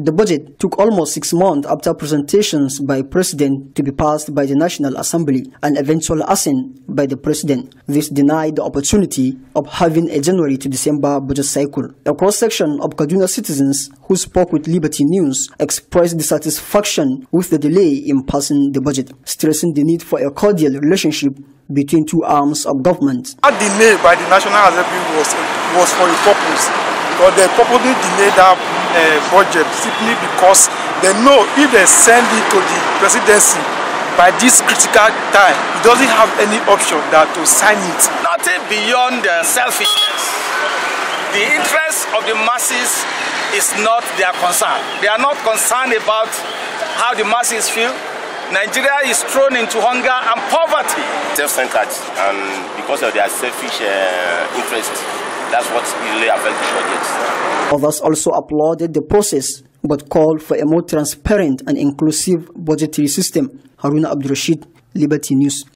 The budget took almost six months after presentations by President to be passed by the National Assembly and eventual assent by the President. This denied the opportunity of having a January to December budget cycle. A cross-section of Kaduna citizens who spoke with Liberty News expressed dissatisfaction with the delay in passing the budget, stressing the need for a cordial relationship between two arms of government. That delay by the National Assembly was, was for a purpose or they purposely delay that uh, budget simply because they know if they send it to the presidency by this critical time it doesn't have any option that to sign it. nothing beyond uh, selfishness the interest of the masses is not their concern they are not concerned about how the masses feel Nigeria is thrown into hunger and poverty. Self-centered and because of their selfish uh, interest That's what really affects the Others also applauded the process but called for a more transparent and inclusive budgetary system. Haruna Abdurrashid, Liberty News.